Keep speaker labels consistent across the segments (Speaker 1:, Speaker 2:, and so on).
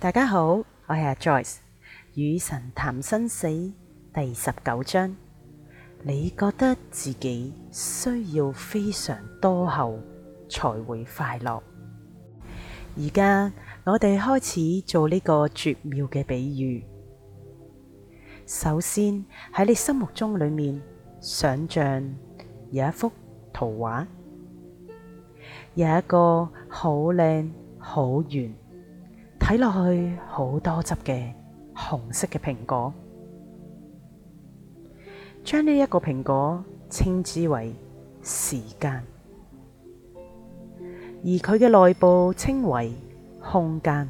Speaker 1: 大家好，我係阿 Joyce，與神談生死第十九章。你覺得自己需要非常多後才會快樂？而家我哋開始做呢個絕妙嘅比喻。首先喺你心目中裏面，想象有一幅圖畫，有一個好靚好圓，睇落去好多汁嘅紅色嘅蘋果，將呢一個蘋果稱之為時間，而佢嘅內部稱為空間。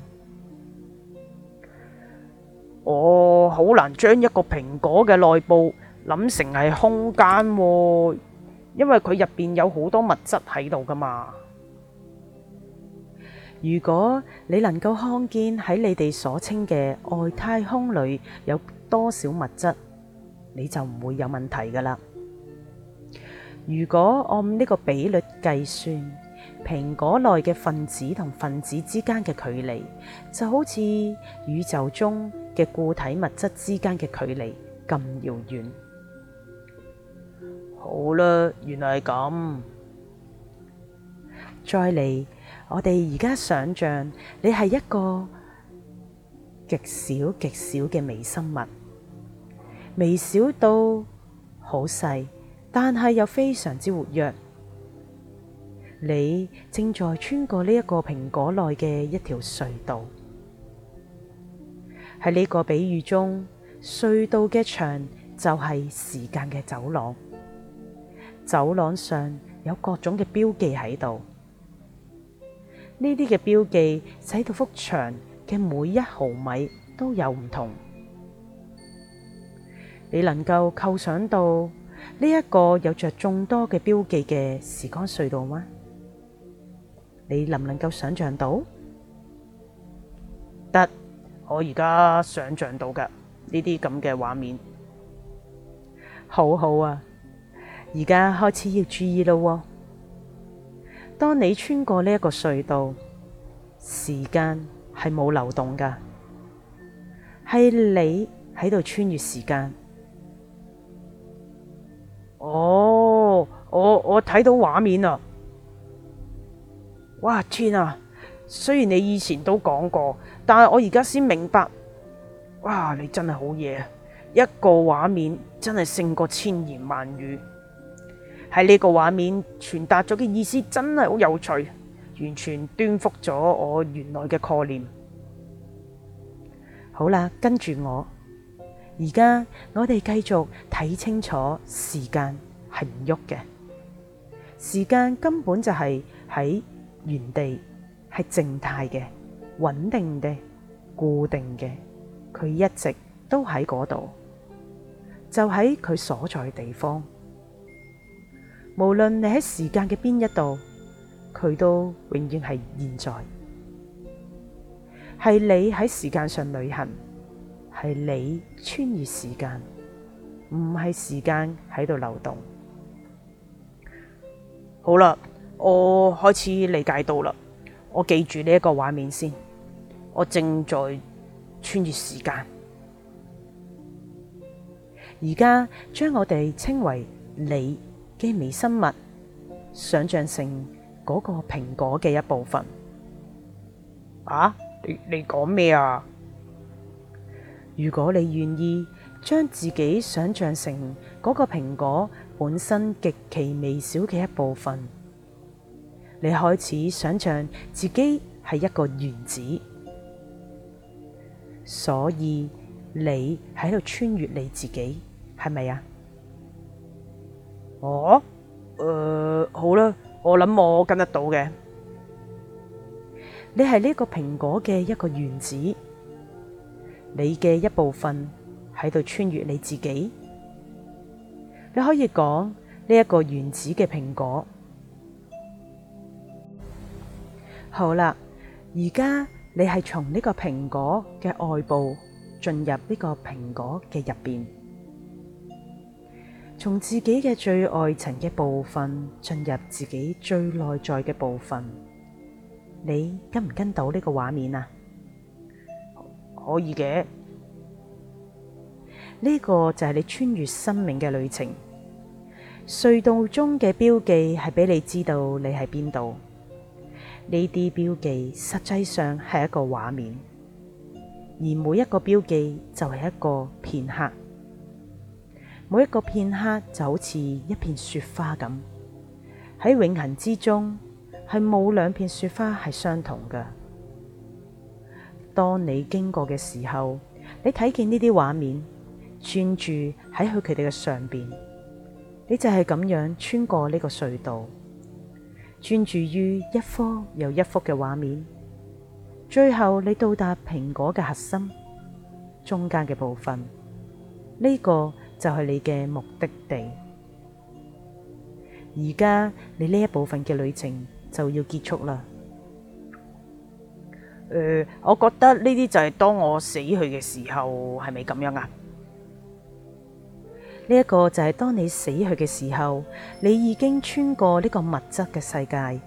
Speaker 1: 哦、我好難將一個蘋果嘅內部諗成係空間喎，因為佢入邊有好多物質喺度噶嘛。如果你能夠看見喺你哋所稱嘅外太空裏有多少物質，你就唔會有問題㗎喇。如果按呢個比率計算，蘋果內嘅分子同分子之間嘅距離，就好似宇宙中嘅固體物質之間嘅距離咁遙遠。好啦，原來係咁。再嚟。我哋而家想象你係一個極小極小嘅微生物，微小到好細，但係又非常之活躍。你正在穿過呢一個蘋果內嘅一條隧道，喺呢個比喻中，隧道嘅牆就係時間嘅走廊，走廊上有各種嘅標記喺度。呢啲嘅標記，使到幅牆嘅每一毫米都有唔同。你能夠構想到呢一個有着眾多嘅標記嘅時光隧道嗎？你能唔能夠想象到？得，我而家想象到噶，呢啲咁嘅畫面，好好啊！而家開始要注意咯喎。當你穿過呢一個隧道，時間係冇流動噶，係你喺度穿越時間。哦，我我睇到畫面啦！哇，天啊，雖然你以前都講過，但係我而家先明白。哇，你真係好嘢，一個畫面真係勝過千言萬語。喺呢個畫面傳達咗嘅意思真係好有趣，完全顛覆咗我原來嘅概念。好啦，跟住我，而家我哋繼續睇清楚，時間係唔喐嘅，時間根本就係喺原地，係靜態嘅、穩定嘅、固定嘅，佢一直都喺嗰度，就喺佢所在地方。無論你喺時間嘅邊一度，佢都永遠係現在。係你喺時間上旅行，係你穿越時間，唔係時間喺度流動。好啦，我開始理解到啦。我記住呢一個畫面先。我正在穿越時間，而家將我哋稱為你。嘅微生物想象成嗰個蘋果嘅一部分啊！你，你講咩啊？如果你願意將自己想象成嗰個蘋果本身極其微小嘅一部分，你開始想象自己係一個原子，所以你喺度穿越你自己，係咪啊？哦，誒、呃，好啦，我諗我跟得到嘅。你係呢個蘋果嘅一個原子，你嘅一部分喺度穿越你自己。你可以講呢一個原子嘅蘋果。好啦，而家你係從呢個蘋果嘅外部進入呢個蘋果嘅入邊。從自己嘅最外層嘅部分進入自己最內在嘅部分，你跟唔跟到呢個畫面啊？可以嘅，呢個就係你穿越生命嘅旅程。隧道中嘅標記係俾你知道你喺邊度。呢啲標記實際上係一個畫面，而每一個標記就係一個片刻。每一個片刻就好似一片雪花咁，喺永恆之中係冇兩片雪花係相同嘅。當你經過嘅時候，你睇見呢啲畫面，專注喺去佢哋嘅上邊，你就係咁樣穿過呢個隧道，專注於一幅又一幅嘅畫面，最後你到達蘋果嘅核心，中間嘅部分呢、這個。就係你嘅目的地，而家，你呢一部分嘅旅程就要結束啦。誒、呃，我覺得呢啲就係當我死去嘅時候，係咪咁樣啊？呢一個就係當你死去嘅時候，你已經穿過呢個物質嘅世界，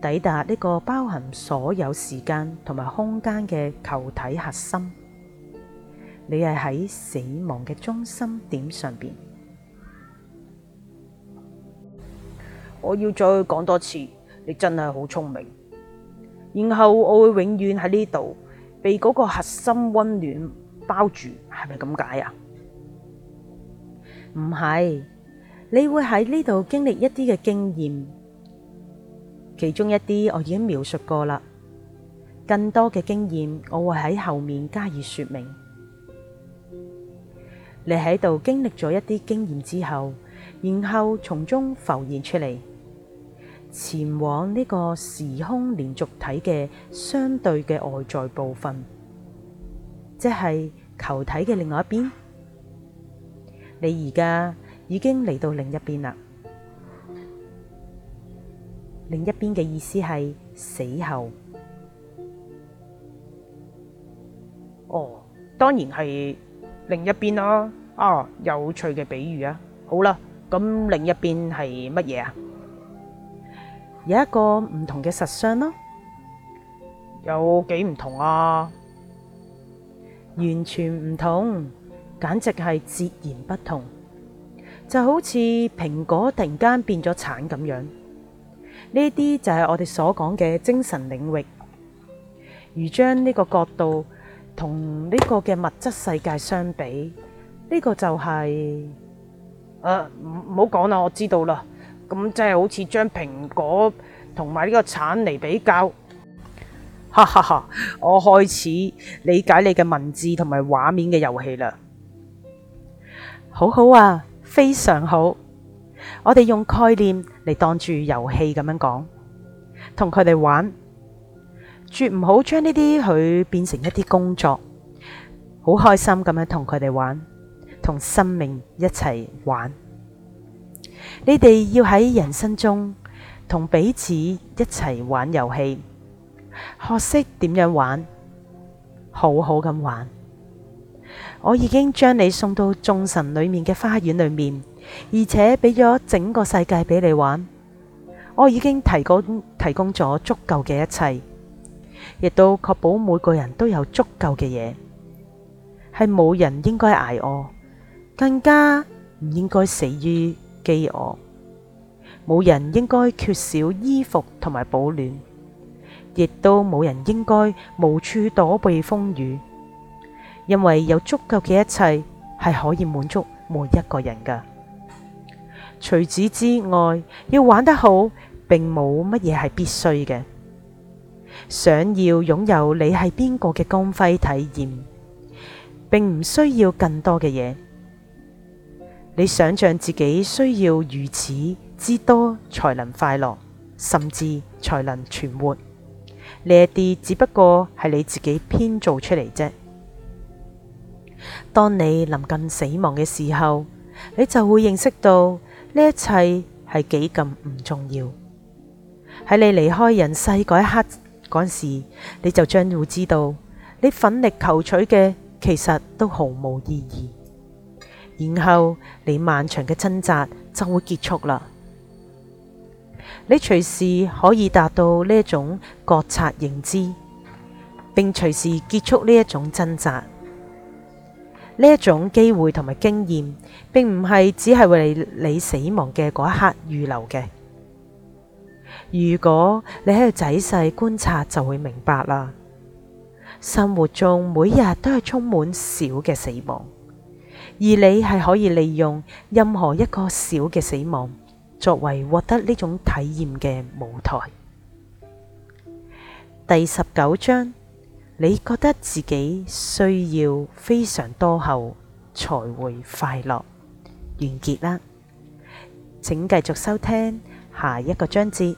Speaker 1: 抵達呢個包含所有時間同埋空間嘅球體核心。你係喺死亡嘅中心點上邊，我要再講多次，你真係好聰明。然後我會永遠喺呢度被嗰個核心溫暖包住，係咪咁解啊？唔係，你會喺呢度經歷一啲嘅經驗，其中一啲我已經描述過啦，更多嘅經驗我會喺後面加以說明。你喺度經歷咗一啲經驗之後，然後從中浮現出嚟，前往呢個時空連續體嘅相對嘅外在部分，即係球體嘅另外一邊。你而家已經嚟到另一邊啦，另一邊嘅意思係死後。哦，當然係。另一邊咯，啊，有趣嘅比喻啊！好啦，咁另一邊係乜嘢啊？有一個唔同嘅實相咯，有幾唔同啊？完全唔同，簡直係截然不同，就好似蘋果突然間變咗橙咁樣。呢啲就係我哋所講嘅精神領域，如將呢個角度。同呢個嘅物質世界相比，呢個就係誒，唔唔好講啦，我知道啦。咁即係好似將蘋果同埋呢個橙嚟比較，哈哈哈！我開始理解你嘅文字同埋畫面嘅遊戲啦。好好啊，非常好。我哋用概念嚟當住遊戲咁樣講，同佢哋玩。絕唔好將呢啲佢變成一啲工作，好開心咁樣同佢哋玩，同生命一齊玩。你哋要喺人生中同彼此一齊玩遊戲，學識點樣玩，好好咁玩。我已經將你送到眾神裏面嘅花園裏面，而且俾咗整個世界俾你玩。我已經提供提供咗足夠嘅一切。亦都確保每個人都有足夠嘅嘢，係冇人應該挨餓，更加唔應該死於飢餓。冇人應該缺少衣服同埋保暖，亦都冇人應該無處躲避風雨。因為有足夠嘅一切係可以滿足每一個人㗎。除此之外，要玩得好，並冇乜嘢係必須嘅。想要擁有你係邊個嘅光輝體驗，並唔需要更多嘅嘢。你想象自己需要如此之多才能快樂，甚至才能存活。呢一啲只不過係你自己編造出嚟啫。當你臨近死亡嘅時候，你就會認識到呢一切係幾咁唔重要。喺你離開人世嗰一刻，嗰時你就將會知道，你奮力求取嘅，其實都毫無意義，然後你漫長嘅掙扎就會結束啦。你隨時可以達到呢一種覺察認知，並隨時結束呢一種掙扎。呢一種機會同埋經驗，並唔係只係為你死亡嘅嗰一刻預留嘅。如果你喺度仔細觀察，就會明白啦。生活中每日都係充滿小嘅死亡，而你係可以利用任何一個小嘅死亡，作為獲得呢種體驗嘅舞台。第十九章，你覺得自己需要非常多後才會快樂，完結啦。請繼續收聽。下一個章節。